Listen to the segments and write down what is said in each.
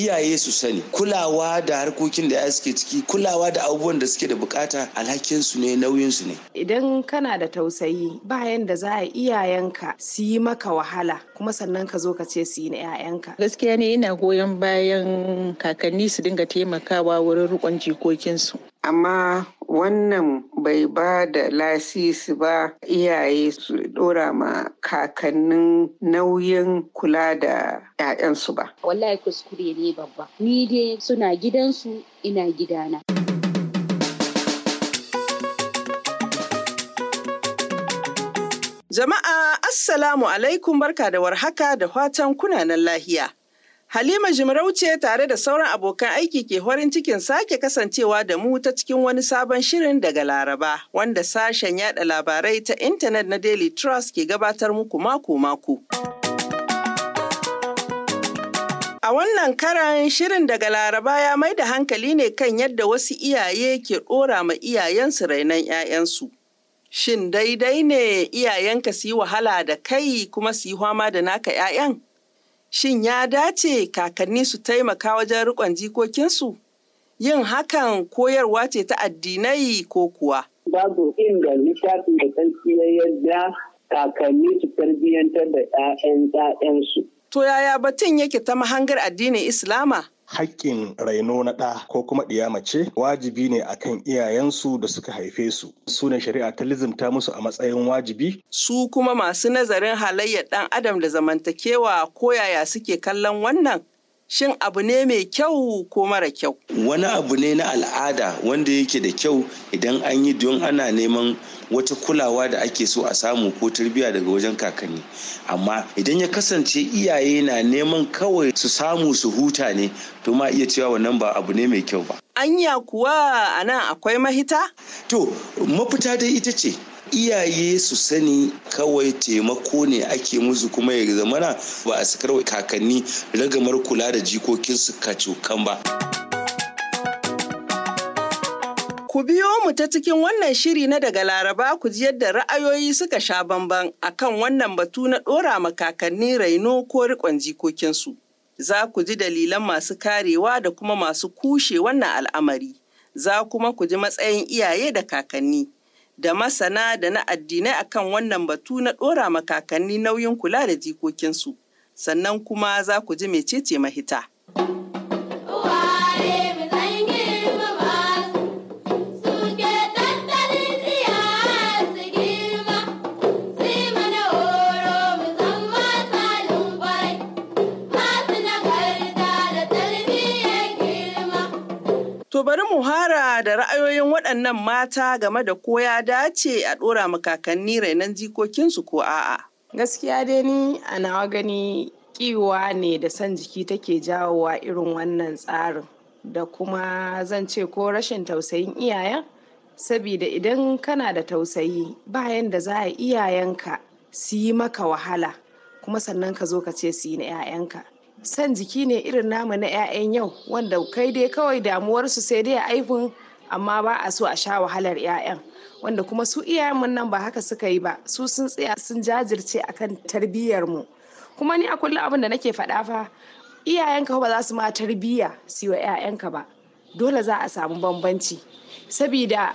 iyaye su sani kulawa da harkokin da ya suke ciki kulawa da abubuwan da suke da bukata alhakin su ne nauyin su ne idan kana da tausayi bayan da za a iyayenka su yi maka wahala kuma sannan ka zo ka ce su yi na 'ya'yanka gaskiya ne ina goyon bayan kakanni su dinga taimakawa wurin rikon jikokinsu amma wannan bai ba da lasisi ba iyaye su dora ma kakannin nauyin kula da 'ya'yansu ba. Wallahi kuskure ne babba. Ni dai suna gidansu ina gidana. Jama'a Assalamu alaikum barka da warhaka da fatan kunanan lahiya. Halima Jimarauce tare da sauran abokan aiki ke farin cikin sake kasancewa da mu ta cikin wani sabon shirin daga Laraba, wanda sashen yada labarai ta intanet na Daily Trust ke gabatar muku mako-mako. A wannan karan shirin daga Laraba ya mai da hankali ne kan yadda wasu iyaye ke ɗora ma iyayensu rainon 'ya'yansu. Shin daidai ne iyayenka su yi wahala da kai kuma su yi hama da naka 'ya'yan? Shin ya dace kakanni su taimaka wajen rikon jikokinsu? Yin hakan koyarwa ce ta addinai ko kuwa? Babu inda littafi da sarki ya yadda kakanni su tarbiyyantar da 'ya'yan 'ya'yansu. To yaya batun yake ta mahangar addinin Islama? haƙƙin raino na ɗa ko kuma ɗiya mace wajibi ne akan iyayensu da suka haife su su ne shari'a ta lizimta musu a matsayin wajibi su kuma masu nazarin halayyar ɗan adam da zamantakewa ko yaya suke kallon wannan shin abu ne mai kyau ko mara kyau wani abu ne na al'ada wanda yake da kyau idan an yi don ana neman wata kulawa da ake so a samu ko tarbiyya daga wajen kakanni amma idan ya kasance iyaye na neman kawai su samu su huta ne to ma iya cewa wannan ba abu ne mai kyau ba anya kuwa a nan akwai mahita to mafita dai ita ce iyaye su sani kawai taimako ne ake musu kuma ya zamana ba a sakar kakanni ragamar kula da jikokinsu kacokan ba. Ku biyo mu ta cikin wannan shiri na daga Laraba ku ji yadda ra'ayoyi suka sha bamban akan wannan batu na ɗora makakanni raino ko riƙon jikokinsu. Za ku ji dalilan masu karewa da kuma masu kushe wannan al'amari. Za kuma ku ji matsayin iyaye da kakanni. Da masana da na addinai akan wannan batu na ɗora makakanni nauyin kula da jikokinsu. Sannan kuma za ku ji mecece mahita. da ra'ayoyin waɗannan mata game da ko ya dace a ɗora makakanni rainon jikokinsu ko a'a. Gaskiya dai ni a nawa gani kiwa ne da san jiki take jawowa irin wannan tsarin da kuma zan ce ko rashin tausayin iyayen sabida idan kana da tausayi bayan da za a iyayenka su yi maka wahala kuma sannan ka zo ka ce su yi na 'ya'yanka san jiki ne irin namu na 'ya'yan yau wanda kai dai kawai damuwarsu sai dai aifin amma ba a so a sha wahalar 'ya'yan wanda kuma su iyayenmu nan ba haka suka yi ba su sun tsaya sun jajirce akan tarbiyyar mu kuma ni a kullum abin da nake faɗa fa iyayenka ba za su ma tarbiyya su wa 'ya'yanka ba dole za a samu bambanci sabida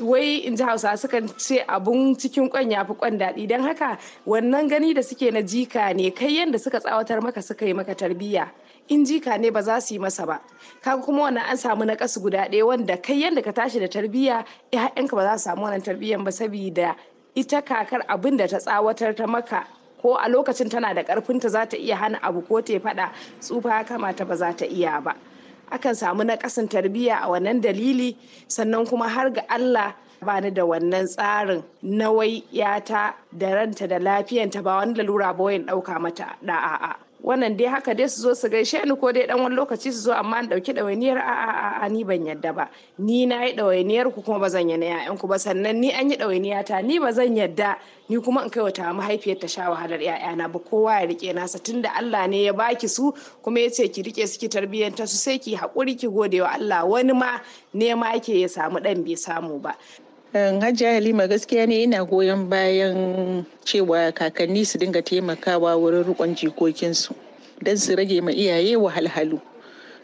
wai in ji hausa suka ce abun cikin kwan ya fi kwan daɗi don haka wannan gani da suke na jika ne kai yadda suka tsawatar maka suka yi maka tarbiyya in jika ne ba za su yi masa ba kaga kuma wannan an samu na kasu guda ɗaya wanda kai yadda ka tashi da tarbiyya ƴaƴanka ba za su samu wannan tarbiyyan ba saboda ita kakar abin da ta tsawatar ta maka ko a lokacin tana da ƙarfinta za ta iya hana abu ko ta faɗa tsufa ya kamata ba za ta iya ba akan samu na tarbiyya a wannan dalili sannan kuma har ga Allah ba ni da wannan tsarin na wai yata da ranta da lafiyanta ba wani lalura ba ɗauka mata a. wannan dai haka dai su zo su gaishe ni ko dai dan wani lokaci su zo amma dauki ɗawainiyar a a a ni ban yadda ba ni na yi ɗawainiyar ku kuma bazan zan yi na ƴaƴan ku ba sannan ni an yi dawainiya ta ni bazan zan yadda ni kuma in kai wata mahaifiyar ta sha wahalar ƴaƴana ba kowa ya rike nasa tunda Allah ne ya baki su kuma yace ki rike su ki tarbiyyanta su sai ki haƙuri ki gode wa Allah wani ma nema yake ya samu ɗan bai samu ba Hajiya Halima gaskiya ne ina goyon bayan cewa kakanni su dinga taimakawa wurin rikon jikokinsu don su rage ma iyaye wahalhalu.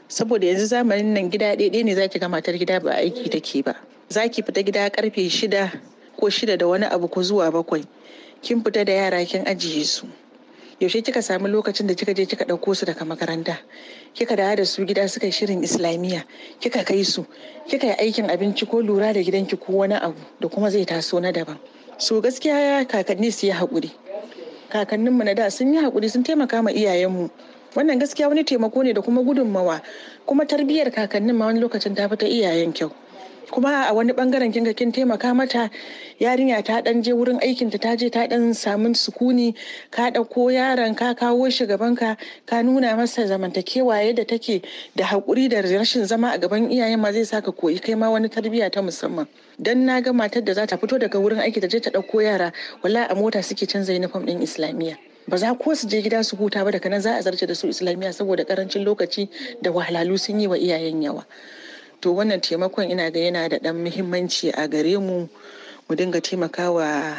Saboda yanzu zamanin nan gida ɗaya ne zaki ga matar gida ba aiki take ba. zaki fita gida karfe shida ko shida da wani abu ko zuwa bakwai. Kin fita da yara kin ajiye su. yaushe kika samu lokacin da kika je kika ɗauko su daga makaranta kika dawo da su gida suka shirin islamiyya kika kai su kika yi aikin abinci ko lura da gidanki ko wani abu da kuma zai taso na daban so gaskiya kakanni su yi haƙuri kakanninmu na da sun yi hakuri sun taimaka ma iyayenmu wannan gaskiya wani taimako ne da kuma gudunmawa kuma tarbiyyar kakannin ma wani lokacin ta fi ta iyayen kyau kuma a wani bangaren kinga kin taimaka mata yarinya ta dan je wurin aikin ta je ta dan samu sukuni ka dauko yaron ka kawo shi gaban ka ka nuna masa zamantakewa yadda take da hakuri da rashin zama a gaban iyayen ma zai saka koyi kai ma wani tarbiyya ta musamman dan na ga matar da za ta fito daga wurin aiki ta je ta dauko yara wala a mota suke canza uniform din islamiyya ba za ko su je gida su huta ba daga nan za a zarce da su islamiyya saboda karancin lokaci da wahalalu sun yi wa iyayen yawa to wannan taimakon ina ga yana da ɗan muhimmanci a gare mu mu dinga taimakawa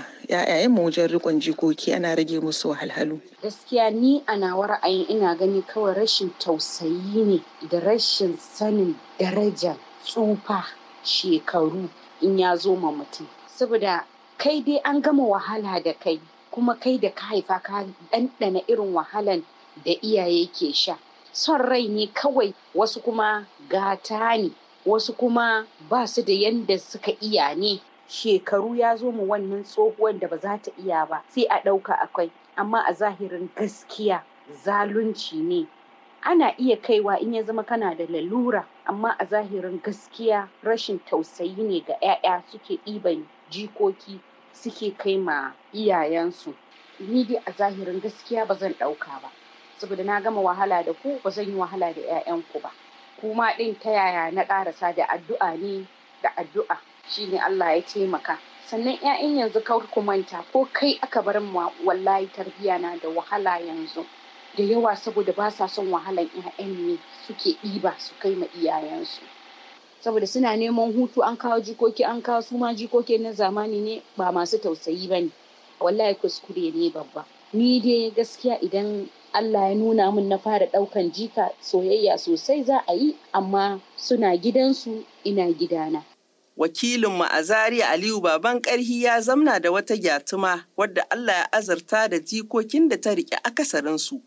mu wajen rikon jikoki ana rage musu wahalhalu. Gaskiya ni a nawa ra'ayin ina gani kawai rashin tausayi ne da rashin sanin darajar tsufa shekaru in ya zo ma mutum. Saboda kai dai an gama wahala da kai kuma kai da ka haifa ka ɗanɗana irin wahalan da iyaye ke sha. Son rai ne kawai wasu kuma gata ne wasu kuma ba su da yanda suka iya ne shekaru ya zo mu wannan tsohuwan da ba za ta iya ba sai a ɗauka akwai amma a zahirin gaskiya zalunci ne ana iya kaiwa in ya zama kana da lalura amma a zahirin gaskiya rashin tausayi ne ga 'ya'ya suke ɗiban jikoki suke kai ma iyayensu ni dai a zahirin gaskiya ba zan ɗauka ba saboda na gama wahala da ku ba zan yi wahala da 'ya'yanku ba kuma ɗin ta yaya na ƙarasa da addu'a ne da addu'a shi ne Allah ya taimaka sannan 'ya'yan yanzu kawai ku manta ko kai aka bar mu wallahi tarbiyya na da wahala yanzu da yawa saboda ba sa son wahalan 'ya'yan ne suke ɗiba su kai ma iyayensu saboda suna neman hutu an kawo jikoki an kawo su ma jikoki na zamani ne ba masu tausayi ba ne wallahi kuskure ne babba ni dai gaskiya idan Allah ya nuna min na fara ɗaukan jika soyayya sosai za a yi amma suna gidansu ina gidana. Wakilin ma'azari Aliyu Baban Ƙarhi ya zamna da wata gyatuma wadda Allah ya azarta da jikokin da ta riƙe akasarinsu.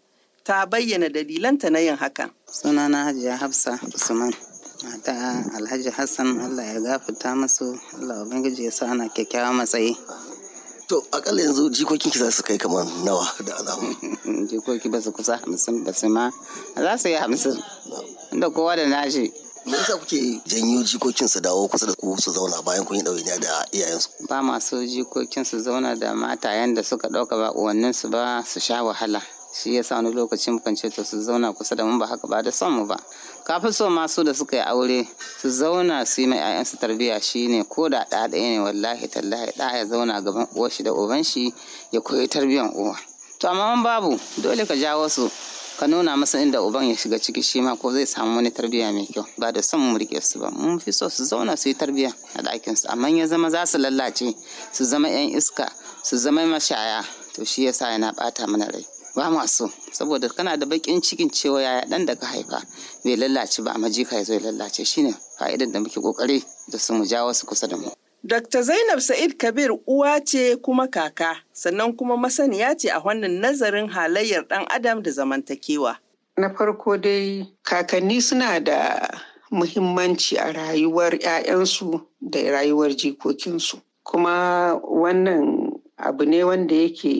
Ta bayyana dalilanta na yin hakan. Sunana Hajiya Hafsa Usman. Mata Alhaji Hassan Allah ya gafarta masu Allah Ubangiji ya sa ana kyakkyawa matsayi. To akalla yanzu jikokin ki za su kai kamar nawa da alamu. Jikoki ba su kusa hamsin ba su ma za su yi hamsin. Inda kowa da nashi. Me yasa kuke janyo jikokin su dawo kusa da ku su zauna bayan kun yi ɗawainiya da iyayensu? Ba masu jikokin su zauna da matayen da suka ɗauka ba uwannin su ba su sha wahala. Shi yasa wani lokacin mukan ce to su zauna kusa da mu ba haka ba da son mu ba. kafin so masu da suka yi aure su zauna su yi mai ayansu tarbiyya shine ko da ɗa ɗaya ne wallahi tallahi ɗa ya zauna gaban uwarshi da uban shi ya koyi tarbiyyar uwa to amma babu dole ka jawo su ka nuna masa inda uban ya shiga ciki shi ma ko zai samu wani tarbiyya mai kyau ba da son mu rike su ba mun fi so su zauna su yi tarbiyya a ɗakin su amma ya zama za su lallace su zama yan iska su zama mashaya to shi yasa yana ɓata mana rai ba ma so saboda kana da bakin cikin cewa yaya dan da ka haifa bai lallace ba amma jika ya zo ya lallace shine fa'idan da muke kokari da su mu jawo su kusa da mu Dr. Zainab Sa'id Kabir uwa ce kuma kaka, sannan kuma masaniya ce a wannan nazarin halayyar ɗan adam da zamantakewa. Na farko dai kakanni suna da muhimmanci a rayuwar 'ya'yansu da rayuwar jikokinsu. Kuma wannan abu ne wanda yake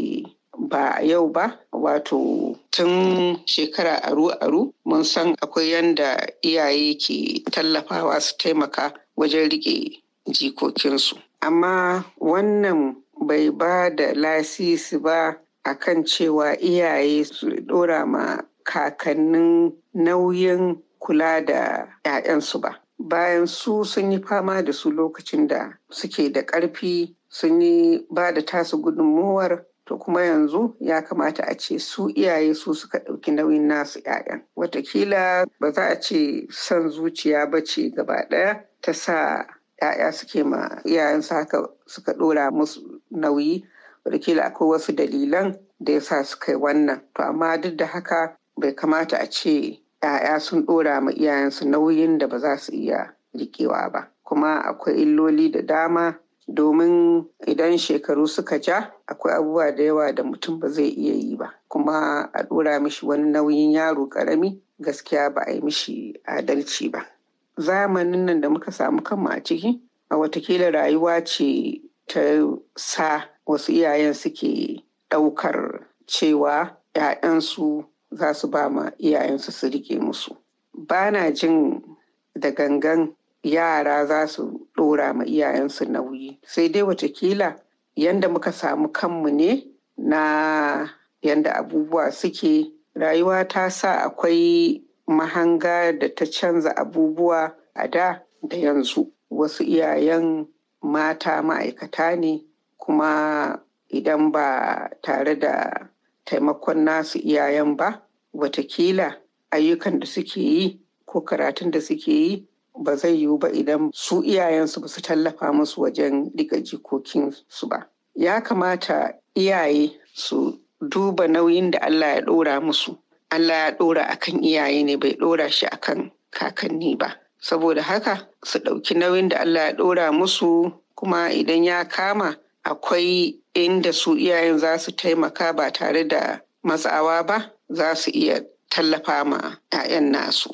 ba yau ba wato tun shekara aru-aru mun san akwai yadda iyaye ke tallafawa su taimaka wajen rike jikokinsu amma wannan bai ba da lasisi ba a kan cewa iyaye su dora ma kakannin nauyin kula da 'ya'yansu ba bayan su sun yi fama da su lokacin da suke da ƙarfi sun yi ba da tasu gudunmuwar to kuma yanzu ya kamata a ce su iyaye su suka ɗauki nauyin nasu 'ya'yan watakila ba za a ce son zuciya ba ce gaba ɗaya ta sa 'ya'ya suke ma su haka suka ɗora musu nauyi watakila akwai wasu dalilan da ya sa suka yi wannan to amma duk da haka bai kamata a ce 'ya'ya sun ɗora ma iyayensu nauyin da ba za su iya riƙewa ba kuma akwai illoli da dama domin idan shekaru suka ja akwai abubuwa da yawa da mutum ba zai iya yi ba kuma a ɗora mishi wani nauyin yaro ƙarami gaskiya ba a yi mishi adalci ba zamanin nan da muka samu kanmu a ciki a watakila rayuwa ce ta sa wasu iyayen suke ɗaukar cewa 'ya'yansu za su ba ma iyayensu su rike musu ba na jin da gangan yara za su ɗora ma iyayensu nauyi sai dai watakila yanda muka samu kanmu ne na yanda abubuwa suke rayuwa ta sa akwai mahanga da ta canza abubuwa a da da yanzu wasu iyayen mata ma'aikata ne kuma idan ba tare da taimakon nasu iyayen ba watakila ayyukan da suke yi ko karatun da suke yi ba zai yiwu ba idan su iyayensu ba su tallafa musu wajen riƙa su ba. Ya kamata iyaye su duba nauyin da Allah ya ɗora musu. Allah ya ɗora akan iyaye ne bai ɗora shi akan kakanni ba. Saboda haka su ɗauki nauyin da Allah ya ɗora musu kuma idan ya kama akwai inda su iyayen za su taimaka ba tare da matsawa ba za su iya tallafa ma 'ya'yan nasu.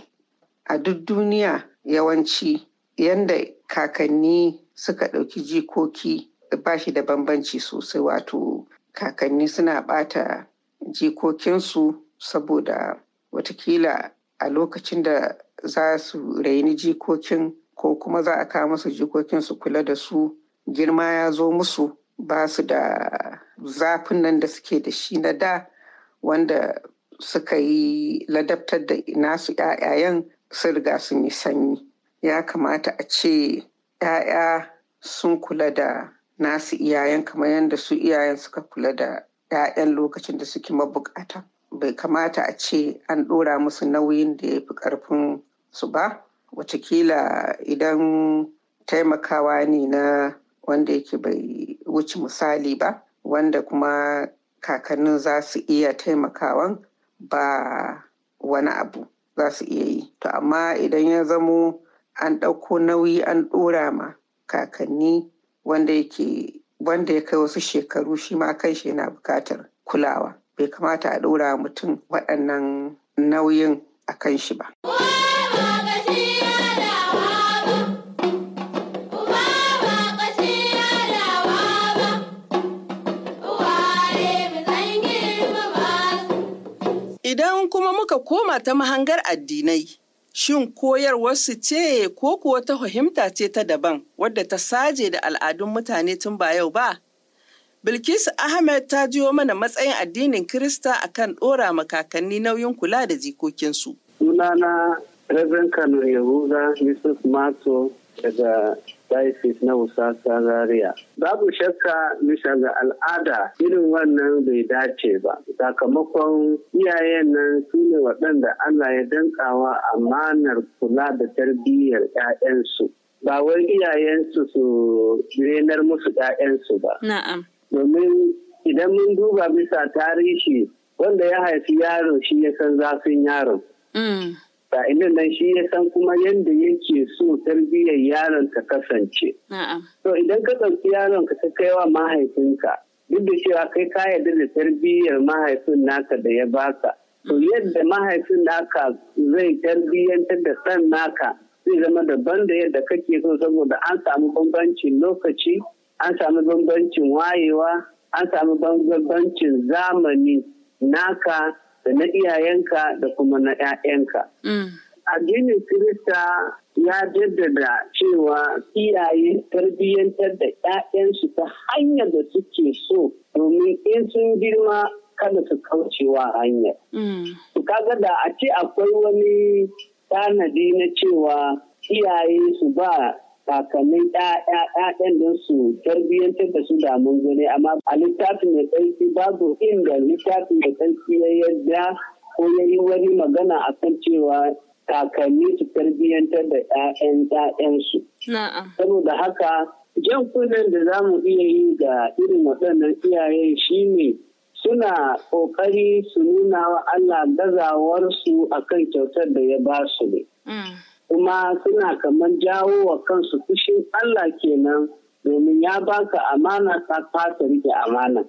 A duk duniya yawanci yadda kakanni suka ɗauki jikoki ba shi da bambanci sosai wato kakanni suna ɓata jikokinsu saboda watakila a lokacin da za su raini jikokin ko kuma za a kawo musu jikokin su kula da su girma ya zo musu ba su da zafin nan da suke da shi na da wanda suka yi ladabtar da nasu 'ya'yayen sun riga sun yi sanyi ya kamata a ce 'ya'ya sun kula da nasu iyayen kamar yadda su iyayen suka kula da 'ya'yan lokacin da suke mabukata bai kamata a ce an ɗora musu nauyin da ya fi ƙarfin su ba watakila idan taimakawa ne na wanda yake bai wuce misali ba wanda kuma kakannin za su iya taimakawan ba wani abu za su iya yi to amma idan ya zamo an ɗauko nauyi an ɗora ma kakanni wanda yake wanda ya kai wasu shekaru shi ma kan shi yana buƙatar kulawa bai kamata a ɗora mutum waɗannan nauyin a kan shi ba. koma ta mahangar addinai. Shin koyarwarsu ce ko kuwa ta fahimta ce ta daban wadda ta saje da al'adun mutane tun ba yau ba? Bilkisu Ahmed ta jiyo mana matsayin addinin Kirista a kan ɗora makakanni nauyin kula da jikokinsu. Sunana Reverend Kano Yahuza Yusuf Mato daga diocese na Usasa Zaria. Babu shakka bisa ga al'ada irin wannan bai dace ba. Sakamakon iyayen nan su ne waɗanda Allah ya dankawa amanar kula da tarbiyyar 'ya'yansu. Ba wai iyayensu su renar musu 'ya'yansu ba. Na'am. Domin idan mun duba bisa tarihi wanda ya haifi yaron shi ya san zafin yaron. Mm. inda nan shi ya san kuma yadda yake so tarbiyyar yaron ka kasance. To idan ka ɗauki yaron ka ka wa mahaifinka duk da cewa kai ka yarda da tarbiyyar mahaifin naka da ya baka. To mm. yadda mahaifin naka zai tarbiyyantar da ɗan naka zai zama daban da yadda kake so saboda an samu bambancin lokaci, an samu bambancin wayewa, an samu bambancin zamani naka da na iyayenka da kuma na 'ya'yanka. Mm. Addinin Kirista ya jaddada cewa iyaye tarbiyyantar da 'ya'yansu ta hanyar da suke so domin in sun girma kada su kaucewa hanyar. Su mm. kaga da a ce akwai wani tanadi na cewa iyaye su ba kakannin ɗaɗan don su tarbiyyantar da su da mun gani amma a littafin mai tsarki babu inda littafin mai tsarki ya yadda ko ya yi wani magana akan cewa kakanni su tarbiyyantar da ɗaɗan yayansu Saboda haka jan kunan da za mu iya yi ga irin waɗannan iyaye ne suna ƙoƙari su nuna wa Allah gazawarsu akan kyautar da ya ba su ne. Mm. kuma suna kamar jawo wa kansu fushin Allah kenan domin ya baka amana ta, fasa rike amana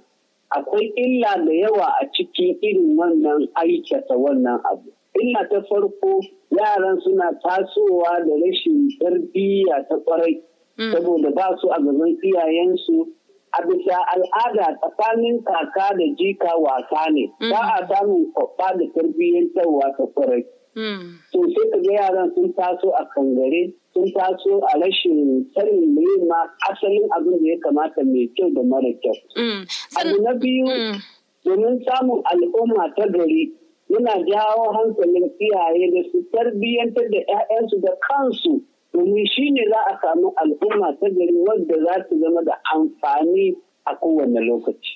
akwai illa da yawa a cikin irin wannan aikata wannan abu illa ta farko yaran suna tasowa da rashin tarbiyya ta kwarai mm. saboda ba su a gaban iyayensu a bisa al'ada tsakanin kaka da jika wasa ne mm. ba a samun kwabba da tarbiyyantarwa ta kwarai Hmm. To sai ka ga yaran sun taso a kangare, sun taso a rashin sanin me ma asalin abin da ya kamata mai kyau da mara kyau. Hmm. Abu na biyu, hmm. domin samun al'umma ta gari yana jawo hankalin iyaye da su tarbiyyantar da 'ya'yansu da kansu domin shi ne za a samu al'umma ta gari wadda za su zama da amfani a kowane lokaci.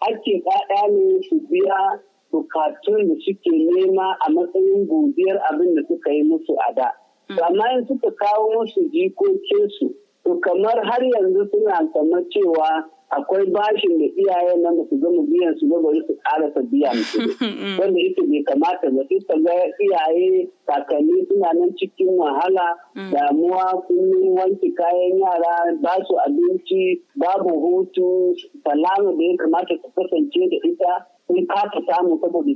ake 'ya'ya ne su biya bukatun da suke nema a matsayin godiyar abin da suka yi musu a da. Mm. Amma yin suka kawo musu jikokinsu, to kamar har yanzu suna kamar cewa akwai bashin da iyayen nan da su gama biyan su ba bari su ƙara biya musu mm. wanda ita bai kamata ba sai ta ga iyaye kakanni suna nan cikin wahala mm. damuwa kullum wanke kayan yara ba su abinci babu hutu salama da ya kamata su kasance da ita sun kasa samu saboda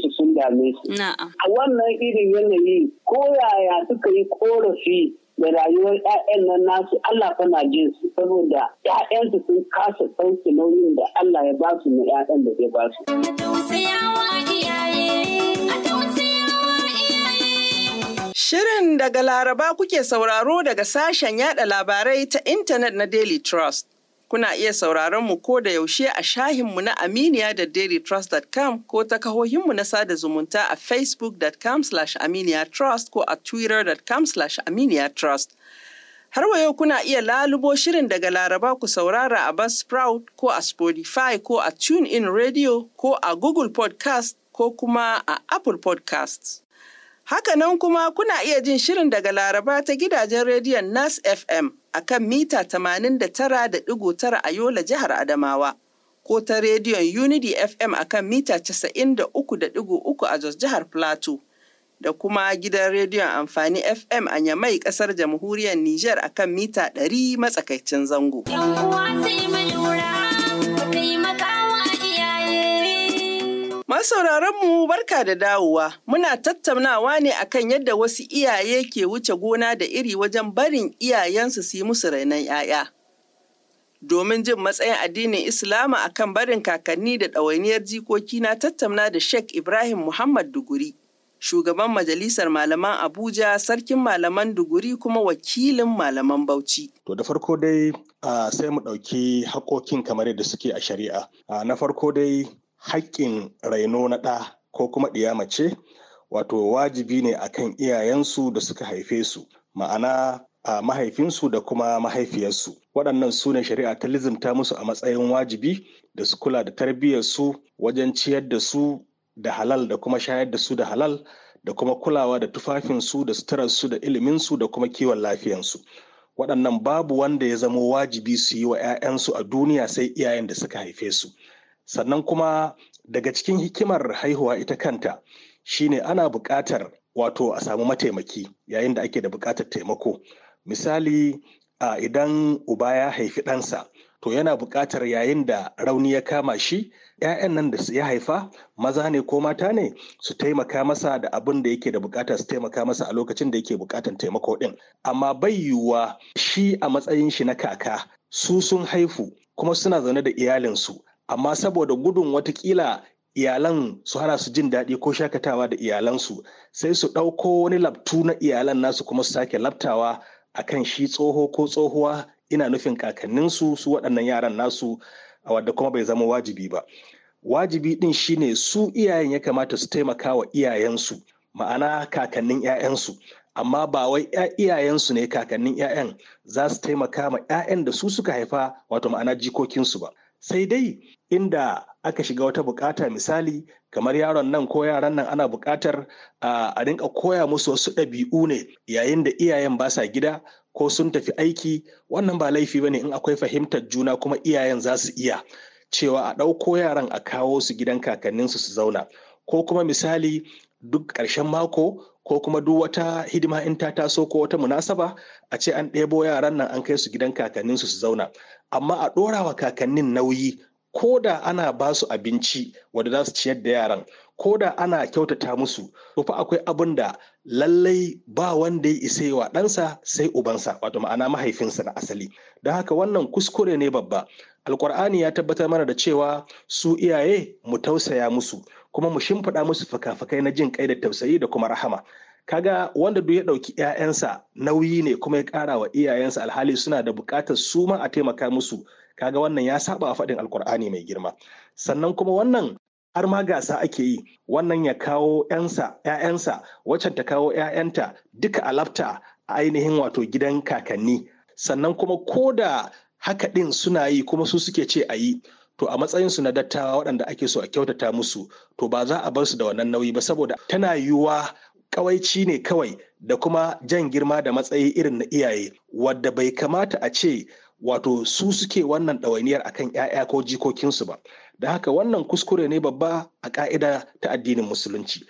su sun dame su. A wannan irin yanayi ko yaya suka yi korafi da rayuwar 'ya'yan nan nasu Allah fana jinsu. jin su saboda 'ya'yansu sun kasa sauke nauyin da Allah ya ba su na 'ya'yan da zai ba su. Shirin daga Laraba kuke sauraro daga sashen yada labarai ta intanet na Daily Trust. Kuna iya sauraron mu ko da yaushe a shahinmu na Aminiya da dailytrust.com ko ta kahohinmu na sada zumunta a facebookcom aminiyatrust ko a twittercom aminiyatrust. Har wa yau kuna iya lalubo shirin daga Laraba ku saurara a Buzzsprout ko a Spotify ko a in Radio ko a Google Podcast ko kuma a Apple podcast. Hakanan kuma kuna iya jin shirin daga Laraba ta gidajen rediyon Nas FM a kan mita 89.9 a Yola jihar Adamawa, ko ta rediyon Unity FM a kan mita 93.3 a Jos jihar Plateau, da kuma gidan rediyon amfani FM a Nyamai kasar jamhuriyar Nijar a kan mita 100 matsakaicin zango. Masu mu barka da dawowa, muna tattaunawa ne akan yadda wasu iyaye ke wuce gona da iri wajen barin iyayensu su yi musu rainon 'ya'ya. Domin jin matsayin addinin Islama akan barin kakanni da ɗawainiyar jikoki na tattauna da Sheikh Ibrahim Muhammad Duguri, shugaban majalisar malaman Abuja, sarkin malaman Duguri kuma wakilin malaman Bauchi. To da farko dai ah, sai mu ɗauki haƙoƙin kamar yadda suke a shari'a. Ah, na farko dai haƙƙin raino na ɗa ko kuma ɗiya mace wato wajibi ne akan iyayensu da suka haife su ma'ana a mahaifinsu da kuma mahaifiyarsu waɗannan su ne shari'a ta lizimta musu a matsayin wajibi da su kula da tarbiyyarsu wajen ciyar da su da halal da kuma shayar da su da halal da kuma kulawa da tufafinsu da suturarsu da iliminsu da kuma kiwon lafiyansu waɗannan babu wanda ya zamo wajibi su yi wa 'ya'yansu a duniya sai iyayen da suka haife su sannan kuma daga cikin hikimar haihuwa ita kanta shine ana buƙatar wato a samu mataimaki yayin da ake da buƙatar taimako misali a idan uba ya haifi ɗansa to yana buƙatar yayin da rauni ya kama shi 'ya'yan nan da ya haifa maza ne ko mata ne su taimaka masa da abin da yake da buƙata su taimaka masa a lokacin da yake buƙatar taimako ɗin amma bai yiwuwa shi a matsayin shi na kaka su sun haifu kuma suna zaune da iyalinsu amma saboda gudun watakila iyalan su hana su jin daɗi ko shakatawa da iyalansu sai su ɗauko wani labtu na iyalan nasu kuma su sake labtawa a kan shi tsoho ko tsohuwa ina nufin kakanninsu su waɗannan yaran nasu a wadda kuma bai zama wajibi ba wajibi ɗin shine su iyayen ya kamata su taimaka wa iyayensu ma'ana kakannin 'ya'yansu amma ba wai iyayensu ne kakannin 'ya'yan za su taimaka ma 'ya'yan da su suka haifa wato ma'ana jikokinsu ba sai dai inda aka shiga wata bukata misali kamar yaron nan ko yaran nan ana bukatar a rinka koya musu wasu ɗabi'u ne yayin da iyayen ba sa gida ko sun tafi aiki wannan ba laifi ba ne in akwai fahimtar juna kuma iyayen za su iya cewa a ɗauko yaran a kawo su gidan kakanninsu su zauna ko kuma misali duk ƙarshen mako ko kuma duk wata hidima in ta taso ko wata munasaba a ce an ɗebo yaran nan an kai su gidan kakanninsu su zauna amma a ɗora wa kakannin nauyi ko da ana ba su abinci wadda za su ciyar da yaran ko da ana kyautata musu to fa akwai abin da lallai ba wanda ya isa wa ɗansa sai ubansa wato ma'ana mahaifinsa na asali don haka wannan kuskure ne babba alkur'ani ya tabbatar mana da cewa su iyaye mu tausaya musu kuma mu shimfiɗa musu fakafakai na jin kai da tausayi da kuma rahama kaga wanda duk ya ɗauki 'ya'yansa nauyi ne kuma ya ƙara wa iyayensa alhali suna da buƙatar su ma a taimaka musu kaga wannan ya saba a faɗin alkur'ani mai girma sannan kuma wannan har ma gasa ake yi wannan ya kawo ‘ya'yansa waccan ta kawo ‘ya'yanta duka alafta a ainihin wato gidan kakanni sannan kuma ko da haka ɗin suna yi kuma su suke ce a yi to a matsayinsu na dattawa waɗanda ake so a kyautata musu to ba za a bar su da wannan nauyi ba saboda tana yiwuwa kawaici ne kawai da kuma jan girma da matsayi irin na iyaye wadda bai kamata a ce wato su suke wannan ɗawainiyar a kan 'ya'ya ko jikokinsu ba da haka wannan kuskure ne babba a ƙa'ida ta addinin musulunci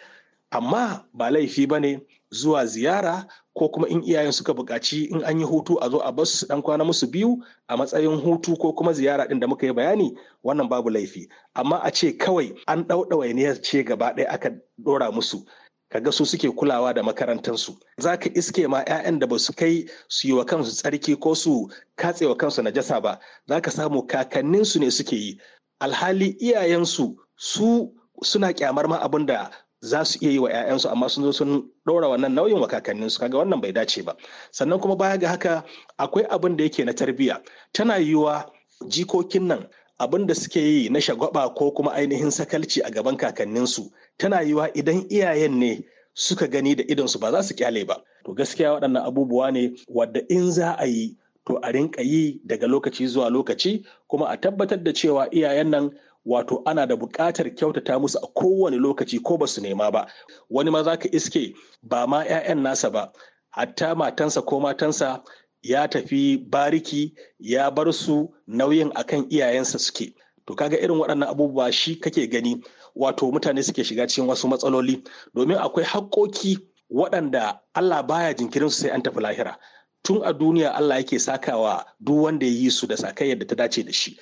amma ba laifi ba ne zuwa ziyara ko kuma in iyayen suka buƙaci in an yi hutu a zo a basu su ɗan kwana musu biyu a matsayin hutu ko kuma ziyara ɗin da muka yi bayani wannan babu laifi amma a ce kawai an ɗau ɗawainiyar ce gaba ɗaya aka ɗora musu Ka ga su suke kulawa da makarantansu za ka iske ma 'ya'yan da ba su kai su yi wa kansu tsarki ko su katse wa kansu na jasa ba za ka samu kakanninsu ne suke yi alhali iyayensu su suna kyamar ma abin da za su iya yi wa 'ya'yansu amma sun zo sun ɗora wannan nauyin wa kakanninsu kaga wannan bai dace ba sannan kuma baya ga haka akwai abin da yake na tarbiyya tana yiwuwa jikokin nan abin da suke yi na shagwaba ko kuma ainihin sakalci a gaban kakanninsu tana yiwa idan iyayen ne suka gani da idonsu ba za su kyale ba to gaskiya waɗannan abubuwa ne wadda in za a yi to a rinka yi daga lokaci zuwa lokaci kuma a tabbatar da cewa iyayen nan wato ana da buƙatar kyautata musu a kowane lokaci ko ba su nema ba wani ma za ka iske ba ma 'ya'yan nasa ba hatta matansa ko matansa ya tafi bariki ya bar su nauyin akan iyayensa suke to kaga irin waɗannan abubuwa shi kake gani wato mutane suke shiga cikin wasu matsaloli domin akwai haƙƙoƙi waɗanda Allah baya jinkirin su sai an tafi lahira tun a duniya Allah yake sakawa duk wanda ya yi su da sakayyar da ta dace da shi.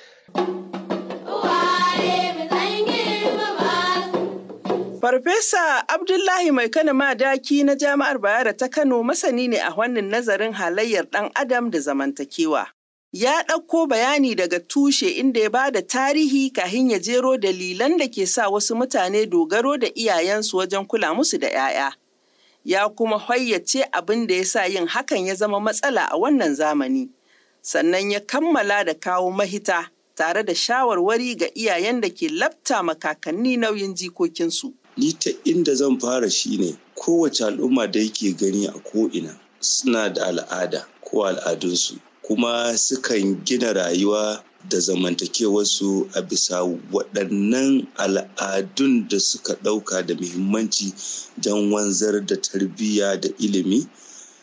Farfesa Abdullahi Mai Kano Madaki na Jami'ar Bayero ta Kano masani ne a wannan nazarin halayyar ɗan Adam da zamantakewa. Ya ɗauko bayani daga tushe inda ya bada tarihi kahin ya jero dalilan da ke sa wasu mutane dogaro da iyayensu wajen kula musu da 'ya'ya. Ya kuma hayyace abin da ya sa yin hakan ya zama matsala a wannan zamani. Sannan ya kammala da kawo mahita tare da shawarwari ga iyayen da ke labta makakanni nauyin jikokinsu. ni ta inda zan fara shine kowace al'umma da yake gani a ko'ina suna da al'ada ko al'adunsu kuma sukan gina rayuwa da zamantakewarsu a bisa waɗannan al'adun da suka ɗauka da muhimmanci don wanzar da tarbiyya da ilimi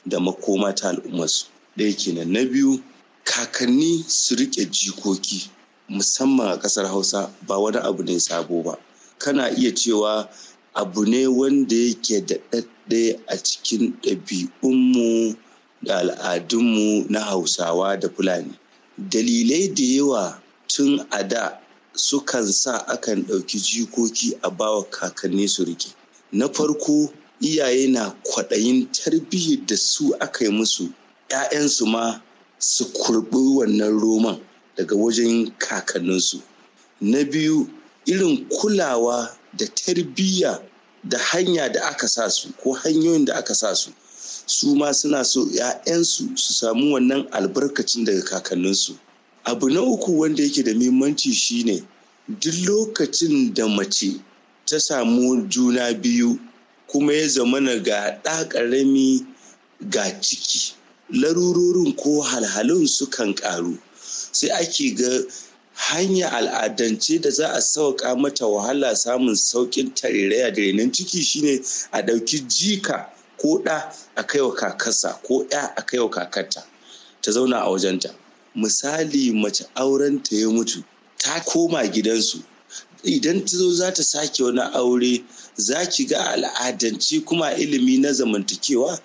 da makoma ta al'ummarsu ɗaya kenan na biyu kakanni su riƙe jikoki musamman a ƙasar hausa ba wani abu ne sabo ba kana iya cewa abu ne wanda yake daɗaɗɗe a cikin ɗabi'unmu da al'adunmu na hausawa da fulani dalilai da yawa tun a da sukan sa akan ɗauki jikoki a bawa kakanni su rike na farko iyaye na kwaɗayin tarbiyyar da su aka yi musu 'ya'yansu ma su kurɓi wannan roman daga wajen kakanninsu na biyu irin kulawa da tarbiyya da hanya da aka sa su ko hanyoyin da aka sa su su ma suna so 'ya'yansu su samu wannan albarkacin daga kakanninsu abu na uku wanda yake da muhimmanci shine duk lokacin da mace ta samu juna biyu kuma ya zamana ga ɗa ƙarami ga ciki larurorin ko halhalun sukan ƙaru sai ake ga hanya al'adance da za a sauƙa mata wahala samun sauƙin tarirai da renon ciki shine a ɗauki jika ko ɗa a kaiwa kakarsa ko ɗa a kaiwa kakarta ta zauna a wajenta misali mace auren ta ya mutu ta koma gidansu idan ta zo za ta sake wani aure za ki ga al'adance kuma ilimi na zamantakewa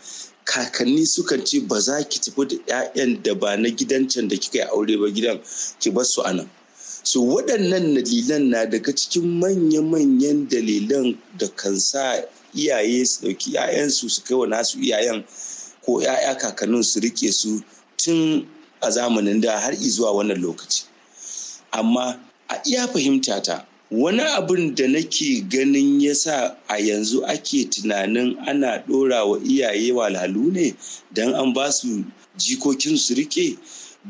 kakanni sukan ce ba za ki tafi da 'ya'yan da ba na gidan can da kika yi aure ba gidan ki bar su anan so waɗannan dalilan na daga cikin manya-manyan dalilan da kan sa iyaye su ɗauki 'ya'yansu su kai wa nasu iyayen ko 'ya'ya kakannin su rike su tun a zamanin da har zuwa wannan lokaci amma a iya fahimta ta wani abin da nake ganin yasa a yanzu ake tunanin ana ɗora wa iyaye walhalu ne don an ba su jikokin su riƙe?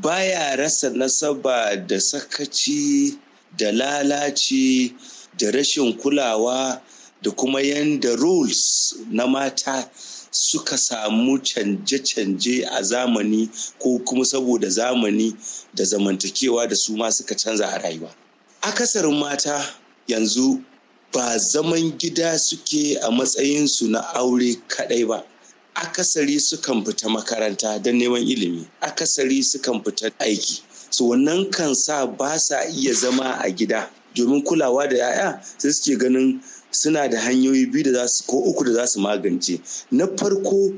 baya rasa nasaba da sakaci da lalaci da rashin kulawa da kuma yanda rules na mata suka samu canje-canje a zamani ko kuma saboda zamani da zamantakewa da su ma suka canza a rayuwa. Akasarin mata yanzu ba zaman gida suke a matsayinsu na aure kaɗai ba. akasari sukan fita makaranta don neman ilimi akasari sukan fita aiki so wannan kan sa ba sa iya zama a gida domin kulawa da 'ya'ya sai suke ganin suna da hanyoyi biyu da su ko uku da za su magance na farko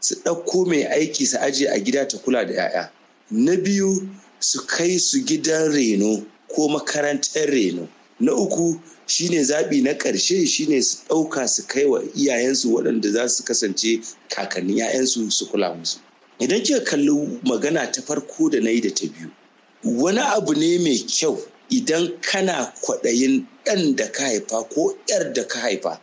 su ɗauko mai aiki su aje a gida ta kula da 'ya'ya na biyu su kai su gidan reno ko makarantar reno na uku shine zaɓi na ƙarshe shine su ɗauka su kai wa iyayensu waɗanda za su kasance kakannin 'ya'yansu su kula musu idan kika kalli magana ta farko da na yi da ta biyu wani abu ne mai kyau idan kana kwaɗayin ɗan da ka haifa ko 'yar da ka haifa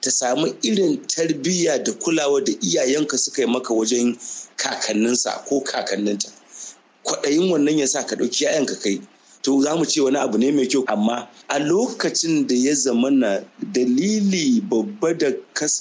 ta samu irin tarbiyya da kulawa da iyayenka suka yi maka wajen kakanninsa ko kakanninta kwaɗayin wannan ya sa ka ɗauki 'ya'yanka kai to za mu ce wani abu ne mai kyau amma a lokacin da ya zamana dalili babba da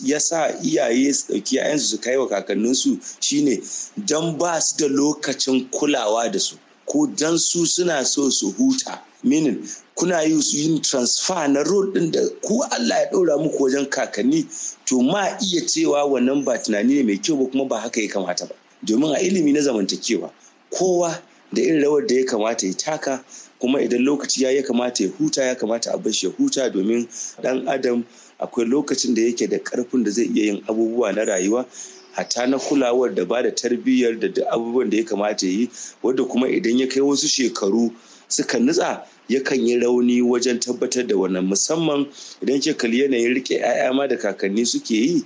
ya sa iyaye su ɗauki ‘ya'yansu su kai wa kakanninsu shine don ba su da lokacin kulawa da su ko don su suna so su huta minin kuna yi yin transfer na road ɗin da ku Allah ya ɗora muku wajen kakanni to ma iya cewa wannan ba tunani ne mai kyau ba kuma ba haka ya kamata ba domin a ilimi na zamantakewa kowa da irin rawar da ya kamata ya taka kuma idan lokaci ya kamata ya huta ya kamata a shi ya huta domin dan adam akwai lokacin da yake da karfin da zai iya yin abubuwa na rayuwa hatta na kulawar da ba da tarbiyyar da abubuwan da ya kamata yi wadda kuma idan ya kai wasu shekaru suka nutsa yakan yi rauni wajen tabbatar da wannan musamman idan ke kalli yanayin rike 'ya'ya ma da kakanni suke yi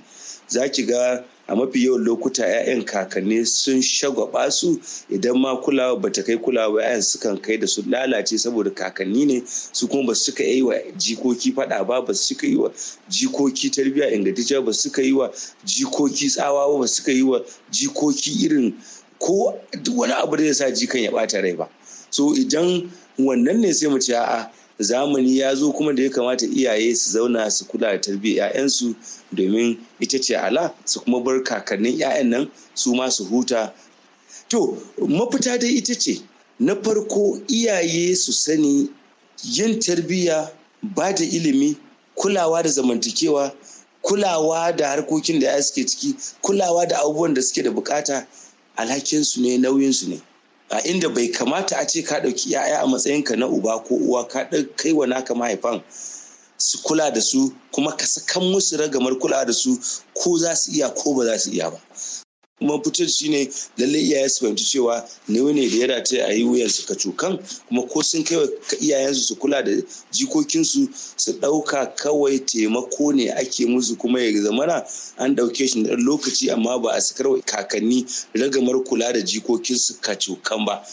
za ki ga a mafi yawan lokuta 'ya'yan kakanni sun shagwaba su idan ma kulawa ba ta kai kulawa ba 'ya'yan sukan kai da su lalace saboda kakanni ne su kuma ba suka yi wa jikoki fada ba ba suka yi wa jikoki tarbiya ingantacce ba suka yi wa jikoki tsawa ba suka yi wa jikoki irin ko duk wani abu da ya sa jikan ya bata rai ba so idan wannan ne sai mu ce a'a zamani ya zo kuma da ya kamata iyaye su zauna su kula da tarbiyyar 'ya'yansu domin ita ce ala su kuma bar kakannin 'ya'yan nan su ma su huta to mafita dai ita ce na farko iyaye su sani yin tarbiyya ba da ilimi kulawa da zamantakewa kulawa da harkokin da ya suke ciki kulawa da abubuwan da suke da bukata alhakinsu ne nauyinsu ne a inda bai kamata a ce ka ɗauki 'ya'ya a matsayinka na uba ko uwa ka kai wa naka mahaifan su kula da su kuma ka sakan musu ragamar kula da su ko za su iya ko ba za su iya ba fitar shi ne lallai iyaye su fahimci cewa nauyi ne da ya dace a yi wuyan su kacokan kuma ko sun kai iyayensu su kula da jikokinsu su ɗauka kawai taimako ne ake musu kuma ya zamana an ɗauke shi na lokaci amma ba a sakar kakanni ragamar kula da jikokinsu kacokan ba.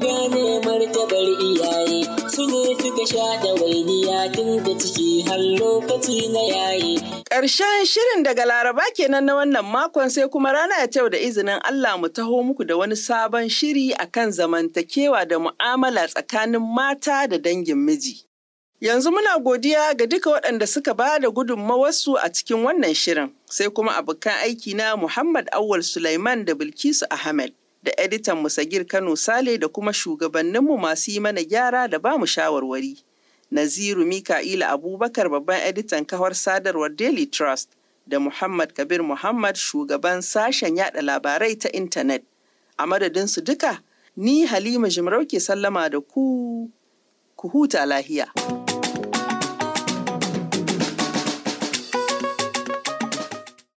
gane martabar iyaye su ne suka sha tun da ciki har lokaci na yaye Ƙarshen shirin daga Laraba kenan na wannan makon sai kuma rana ya yau da izinin Allah mu taho muku da wani sabon shiri akan zamantakewa da mu'amala tsakanin mata da dangin miji. Yanzu muna godiya ga duka waɗanda suka ba da gudunmawarsu a cikin wannan shirin, sai kuma abokan aiki na Muhammad Awal Sulaiman da Bilkisu Ahmed da editan Musagir Kano Sale da kuma shugabanninmu masu yi mana gyara da ba mu shawarwari. Naziru Mika'ila Abubakar babban editan kawar sadarwar Daily Trust da Muhammad Kabir Muhammad shugaban sashen yada labarai ta intanet. A madadinsu duka, ni Halima Jimarauke sallama da ku, ku huta lahiya.